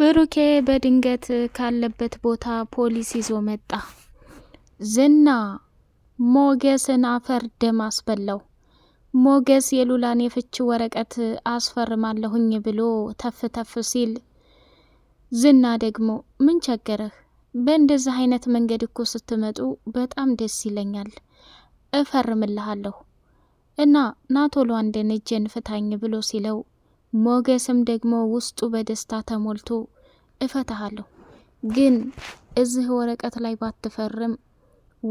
ብሩኬ በድንገት ካለበት ቦታ ፖሊስ ይዞ መጣ። ዝና ሞገስን አፈር ደም አስበላው። ሞገስ የሉላን የፍች ወረቀት አስፈርማለሁኝ ብሎ ተፍ ተፍ ሲል ዝና ደግሞ ምን ቸገረህ? በእንደዚህ አይነት መንገድ እኮ ስትመጡ በጣም ደስ ይለኛል፣ እፈርምልሃለሁ እና ናቶሎ አንደን እጄን ፍታኝ ብሎ ሲለው ሞገስም ደግሞ ውስጡ በደስታ ተሞልቶ እፈታሃለሁ፣ ግን እዚህ ወረቀት ላይ ባትፈርም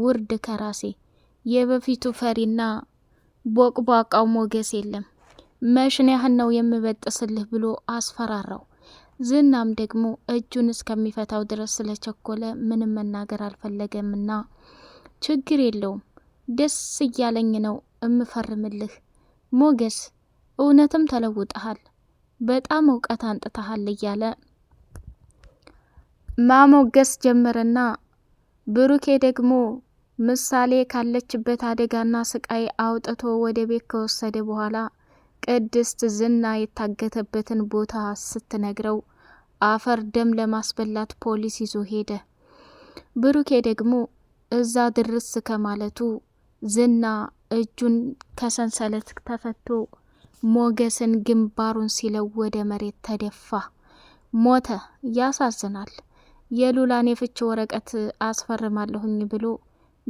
ውርድ ከራሴ። የበፊቱ ፈሪና ቦቅቧቃው ሞገስ የለም፣ መሽን ያህል ነው የምበጥስልህ ብሎ አስፈራራው። ዝናም ደግሞ እጁን እስከሚፈታው ድረስ ስለቸኮለ ምንም መናገር አልፈለገምና ችግር የለውም ደስ እያለኝ ነው እምፈርምልህ ሞገስ እውነትም ተለውጠሃል በጣም እውቀት አንጥተሃል እያለ ማሞገስ ጀመረና ብሩኬ ደግሞ ምሳሌ ካለችበት አደጋና ስቃይ አውጥቶ ወደ ቤት ከወሰደ በኋላ ቅድስት ዝና የታገተበትን ቦታ ስትነግረው አፈር ደም ለማስበላት ፖሊስ ይዞ ሄደ። ብሩኬ ደግሞ እዛ ድርስ ከማለቱ ዝና እጁን ከሰንሰለት ተፈቶ ሞገስን ግንባሩን ሲለው ወደ መሬት ተደፋ፣ ሞተ። ያሳዝናል። የሉላን የፍች ወረቀት አስፈርማለሁኝ ብሎ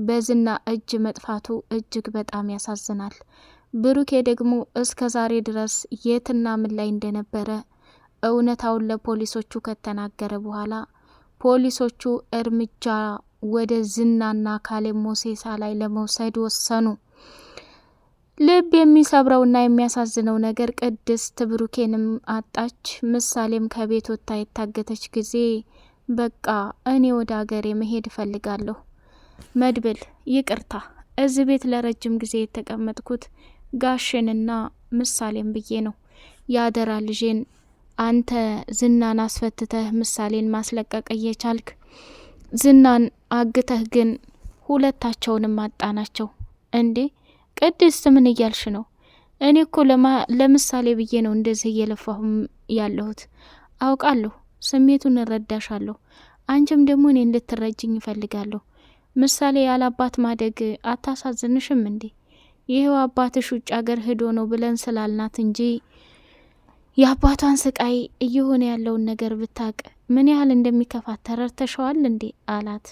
በዝና እጅ መጥፋቱ እጅግ በጣም ያሳዝናል። ብሩኬ ደግሞ እስከ ዛሬ ድረስ የትና ምን ላይ እንደነበረ እውነታውን ለፖሊሶቹ ከተናገረ በኋላ ፖሊሶቹ እርምጃ ወደ ዝናና ካሌ ሞሴሳ ላይ ለመውሰድ ወሰኑ። ልብ የሚሰብረውና የሚያሳዝነው ነገር ቅድስት ብሩኬንም አጣች። ምሳሌም ከቤት ወጥታ የታገተች ጊዜ በቃ እኔ ወደ አገሬ መሄድ እፈልጋለሁ። መድብል ይቅርታ፣ እዚህ ቤት ለረጅም ጊዜ የተቀመጥኩት ጋሽንና ምሳሌም ብዬ ነው። የአደራ ልጄን አንተ ዝናን አስፈትተህ ምሳሌን ማስለቀቅ እየቻልክ ዝናን አግተህ ግን ሁለታቸውንም አጣናቸው እንዴ ቅድስት ምን እያልሽ ነው? እኔ እኮ ለምሳሌ ብዬ ነው እንደዚህ እየለፋሁም ያለሁት። አውቃለሁ፣ ስሜቱን እረዳሻለሁ። አንቺም ደግሞ እኔ እንድትረጅኝ እፈልጋለሁ። ምሳሌ ያለ አባት ማደግ አታሳዝንሽም እንዴ? ይህው አባትሽ ውጭ ሀገር ሂዶ ነው ብለን ስላልናት እንጂ የአባቷን ስቃይ እየሆነ ያለውን ነገር ብታቅ ምን ያህል እንደሚከፋት ተረድተሸዋል እንዴ አላት።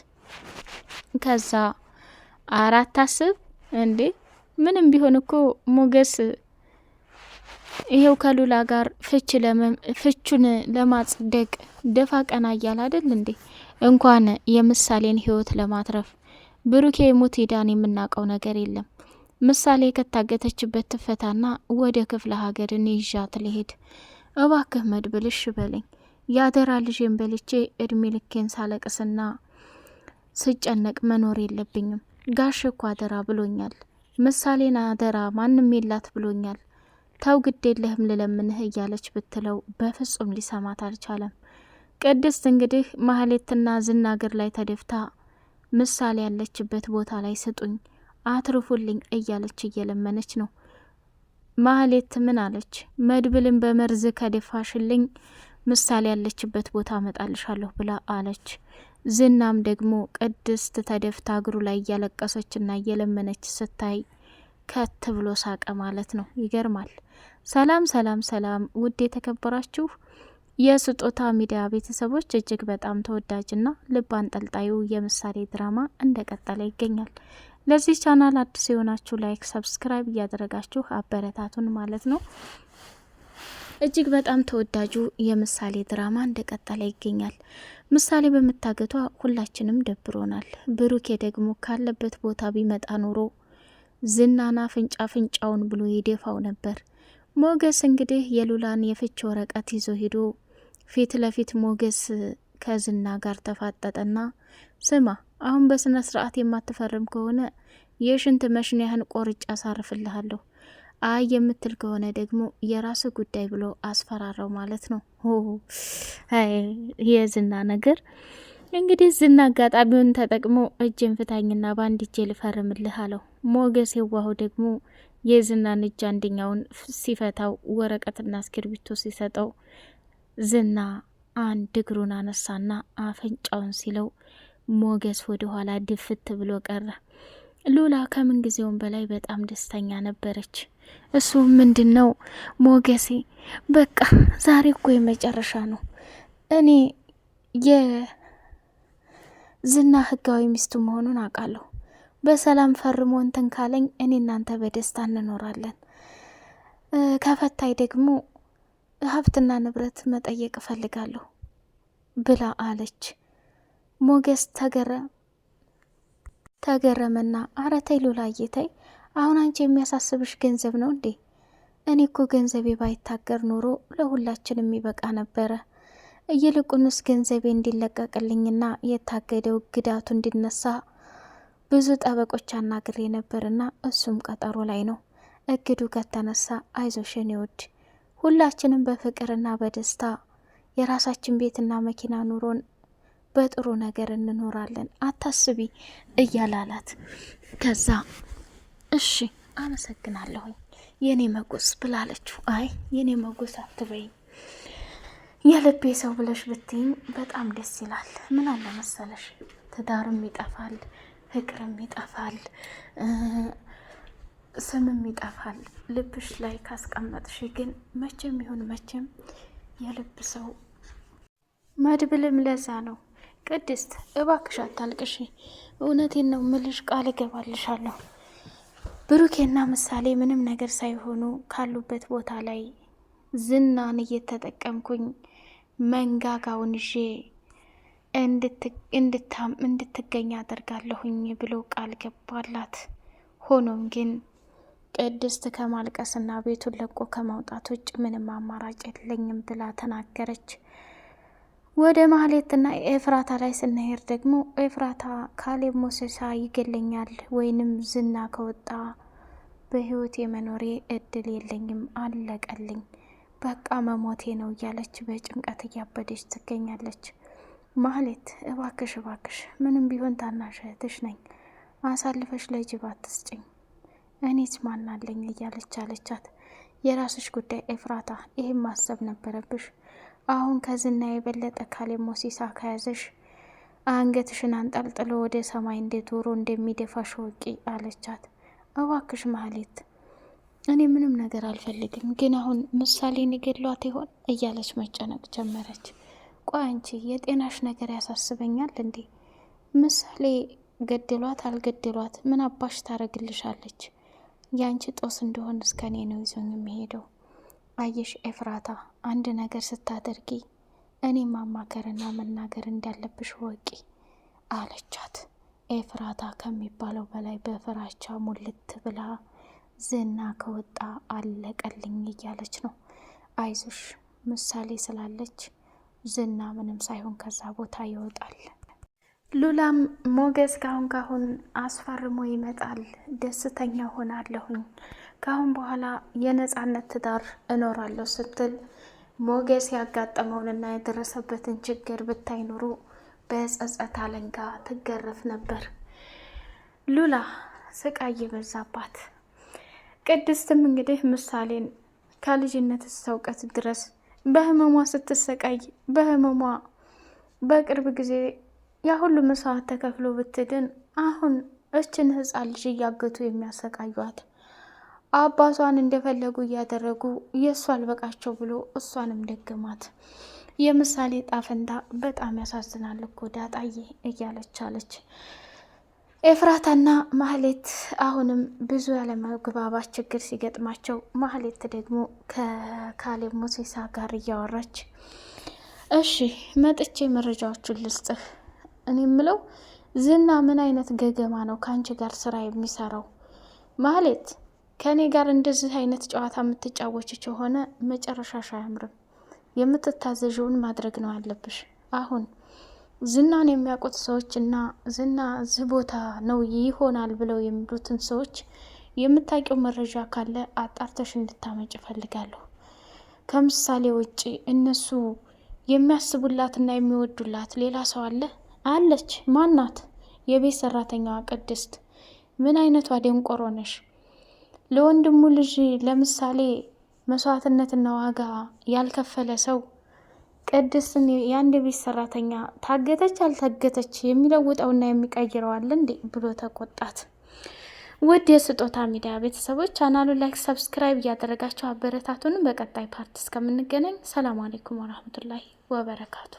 ከዛ አራት አስብ እንዴ ምንም ቢሆን እኮ ሞገስ ይሄው ከሉላ ጋር ፍች ፍቹን ለማጽደቅ ደፋ ቀና እያል አይደል እንዴ? እንኳን የምሳሌን ህይወት ለማትረፍ ብሩኬ ሙት ሂዳን የምናውቀው ነገር የለም። ምሳሌ ከታገተችበት ትፈታና ወደ ክፍለ ሀገር እኔ ይዣት ልሄድ። እባክህ መድብልሽ በለኝ። የአደራ ልጄን በልቼ እድሜ ልኬን ሳለቅስና ስጨነቅ መኖር የለብኝም። ጋሽ እኮ አደራ ብሎኛል። ምሳሌን አደራ ማንም የላት ብሎኛል፣ ተው ግድ የለህም ልለምንህ እያለች ብትለው በፍጹም ሊሰማት አልቻለም። ቅድስት እንግዲህ ማህሌትና ዝናግር ላይ ተደፍታ ምሳሌ ያለችበት ቦታ ላይ ስጡኝ፣ አትርፉልኝ እያለች እየለመነች ነው። ማህሌት ምን አለች? መድብልን በመርዝ ከደፋሽልኝ ምሳሌ ያለችበት ቦታ አመጣልሻለሁ ብላ አለች። ዝናም ደግሞ ቅድስት ተደፍታ እግሩ ላይ እያለቀሰችና እየለመነች ስታይ ከት ብሎ ሳቀ ማለት ነው። ይገርማል። ሰላም ሰላም ሰላም! ውድ የተከበራችሁ የስጦታ ሚዲያ ቤተሰቦች እጅግ በጣም ተወዳጅና ልብ አንጠልጣዩ የምሳሌ ድራማ እንደቀጠለ ይገኛል። ለዚህ ቻናል አዲስ የሆናችሁ ላይክ፣ ሰብስክራይብ እያደረጋችሁ አበረታቱን ማለት ነው። እጅግ በጣም ተወዳጁ የምሳሌ ድራማ እንደቀጠለ ይገኛል። ምሳሌ በመታገቷ ሁላችንም ደብሮናል። ብሩኬ ደግሞ ካለበት ቦታ ቢመጣ ኖሮ ዝናና አፍንጫ አፍንጫውን ብሎ ይደፋው ነበር። ሞገስ እንግዲህ የሉላን የፍች ወረቀት ይዞ ሄዶ ፊት ለፊት ሞገስ ከዝና ጋር ተፋጠጠና፣ ስማ አሁን በስነ ስርዓት የማትፈርም ከሆነ የሽንት መሽንያህን ቆርጫ አሳርፍልሃለሁ አይ የምትል ከሆነ ደግሞ የራስ ጉዳይ ብሎ አስፈራራው ማለት ነው። የዝና ነገር እንግዲህ ዝና አጋጣሚውን ተጠቅሞ እጅን ፍታኝና በአንድ እጄ ልፈርምልህ አለው። ሞገስ የዋሁ ደግሞ የዝናን እጅ አንደኛውን ሲፈታው ወረቀትና እስክርቢቶ ሲሰጠው ዝና አንድ እግሩን አነሳና አፈንጫውን ሲለው ሞገስ ወደኋላ ድፍት ብሎ ቀረ። ሉላ ከምን ጊዜውም በላይ በጣም ደስተኛ ነበረች። እሱ ምንድን ነው ሞገሴ፣ በቃ ዛሬ እኮ የመጨረሻ ነው። እኔ የዝና ህጋዊ ሚስቱ መሆኑን አውቃለሁ። በሰላም ፈርሞ እንትን ካለኝ እኔ እናንተ በደስታ እንኖራለን። ከፈታይ ደግሞ ሀብትና ንብረት መጠየቅ እፈልጋለሁ ብላ አለች። ሞገስ ተገረ ተገረመና አረ ተይ ሉላዬ ተይ፣ አሁን አንቺ የሚያሳስብሽ ገንዘብ ነው እንዴ? እኔ እኮ ገንዘቤ ባይታገር ኖሮ ለሁላችን የሚበቃ ነበረ። ይልቁንስ ገንዘቤ እንዲለቀቅልኝና የታገደው ግዳቱ እንዲነሳ ብዙ ጠበቆች አናግሬ ነበርና እሱም ቀጠሮ ላይ ነው። እግዱ ከተነሳ አይዞሽን ይውድ ሁላችንም በፍቅርና በደስታ የራሳችን ቤትና መኪና ኑሮን በጥሩ ነገር እንኖራለን አታስቢ እያላላት ከዛ እሺ አመሰግናለሁኝ የኔ መጎስ ብላለችው። አይ የኔ መጎስ አትበይኝ የልቤ ሰው ብለሽ ብትይኝ በጣም ደስ ይላል። ምን አለ መሰለሽ ትዳርም ይጠፋል፣ ፍቅርም ይጠፋል፣ ስምም ይጠፋል። ልብሽ ላይ ካስቀመጥሽ ግን መቼም ይሁን መቼም የልብ ሰው መድብልም ለዛ ነው ቅድስት እባክሽ አታልቅሽ፣ እውነቴን ነው ምልሽ፣ ቃል እገባልሻለሁ። ብሩኬና ምሳሌ ምንም ነገር ሳይሆኑ ካሉበት ቦታ ላይ ዝናን እየተጠቀምኩኝ መንጋጋውን ይዤ እንድታም እንድትገኝ አደርጋለሁኝ ብሎ ቃል ገባላት። ሆኖም ግን ቅድስት ከማልቀስና ቤቱን ለቆ ከማውጣት ውጭ ምንም አማራጭ የለኝም ብላ ተናገረች። ወደ ማህሌትና ኤፍራታ ላይ ስንሄድ ደግሞ ኤፍራታ ካሌብ ሞሴሳ ይገለኛል ወይንም ዝና ከወጣ በህይወት የመኖሬ እድል የለኝም፣ አለቀልኝ፣ በቃ መሞቴ ነው እያለች በጭንቀት እያበደች ትገኛለች። ማህሌት እባክሽ እባክሽ፣ ምንም ቢሆን ታናሽ እህትሽ ነኝ፣ አሳልፈሽ ለጅብ አትስጭኝ፣ እኔስ ማናለኝ እያለች አለቻት። የራስሽ ጉዳይ ኤፍራታ፣ ይህም ማሰብ ነበረብሽ አሁን ከዝና የበለጠ ካሌብ ሞሲሳ ከያዘሽ አንገትሽን አንጠልጥሎ ወደ ሰማይ እንደ ዶሮ እንደሚደፋሽ ወቂ አለቻት። እባክሽ ማህሌት፣ እኔ ምንም ነገር አልፈልግም፣ ግን አሁን ምሳሌን ገድሏት ይሆን እያለች መጨነቅ ጀመረች። ቆይ አንቺ የጤናሽ ነገር ያሳስበኛል እንዴ? ምሳሌ ገድሏት አልገድሏት ምን አባሽ ታረግልሻለች? ያንቺ ጦስ እንደሆን እስከኔ ነው ይዞኝ የሚሄደው። አየሽ ኤፍራታ፣ አንድ ነገር ስታደርጊ እኔ ማማከርና መናገር እንዳለብሽ ወቂ አለቻት። ኤፍራታ ከሚባለው በላይ በፍራቻ ሙልት ብላ ዝና ከወጣ አለቀልኝ እያለች ነው። አይዞሽ ምሳሌ ስላለች ዝና ምንም ሳይሆን ከዛ ቦታ ይወጣል። ሉላም ሞገስ ካሁን ካሁን አስፈርሞ ይመጣል፣ ደስተኛ ሆናለሁኝ፣ ካሁን በኋላ የነፃነት ትዳር እኖራለሁ ስትል ሞገስ ያጋጠመውንና የደረሰበትን ችግር ብታይኖሩ በጸጸት አለንጋ ትገረፍ ነበር። ሉላ ስቃይ የበዛባት ቅድስትም እንግዲህ ምሳሌን ከልጅነት እውቀት ድረስ በህመሟ ስትሰቃይ በህመሟ በቅርብ ጊዜ ያ ሁሉ መስዋዕት ተከፍሎ ብትድን አሁን እችን ህፃን ልጅ እያገቱ የሚያሰቃዩት አባቷን እንደፈለጉ እያደረጉ የእሱ አልበቃቸው ብሎ እሷንም ደግማት የምሳሌ ጣፈንታ በጣም ያሳዝናል እኮ ዳጣዬ እያለች አለች። ኤፍራታና ማህሌት አሁንም ብዙ ያለመግባባት ችግር ሲገጥማቸው፣ ማህሌት ደግሞ ከካሌብ ሙሴሳ ጋር እያወራች እሺ መጥቼ መረጃዎቹን ልስጥህ እኔ የምለው ዝና ምን አይነት ገገማ ነው ከአንቺ ጋር ስራ የሚሰራው? ማለት ከእኔ ጋር እንደዚህ አይነት ጨዋታ የምትጫወች ከሆነ መጨረሻሽ አያምርም። የምትታዘዥውን ማድረግ ነው አለብሽ። አሁን ዝናን የሚያውቁት ሰዎች እና ዝና እዚህ ቦታ ነው ይሆናል ብለው የሚሉትን ሰዎች የምታውቂው መረጃ ካለ አጣርተሽ እንድታመጭ እፈልጋለሁ። ከምሳሌ ውጪ እነሱ የሚያስቡላትና የሚወዱላት ሌላ ሰው አለ? አለች። ማናት? የቤት ሰራተኛዋ ቅድስት። ምን አይነቷ ደንቆሮ ነሽ! ለወንድሙ ልጅ ለምሳሌ መስዋዕትነትና ዋጋ ያልከፈለ ሰው ቅድስትን የአንድ ቤት ሰራተኛ ታገተች አልታገተች የሚለውጠውና የሚቀይረው አለ እንዴ ብሎ ተቆጣት። ውድ የስጦታ ሚዲያ ቤተሰቦች ቻናሉ ላይክ፣ ሰብስክራይብ እያደረጋቸው አበረታቱንም። በቀጣይ ፓርት እስከምንገናኝ ሰላም አሌይኩም ወረህመቱላሂ ወበረካቱ።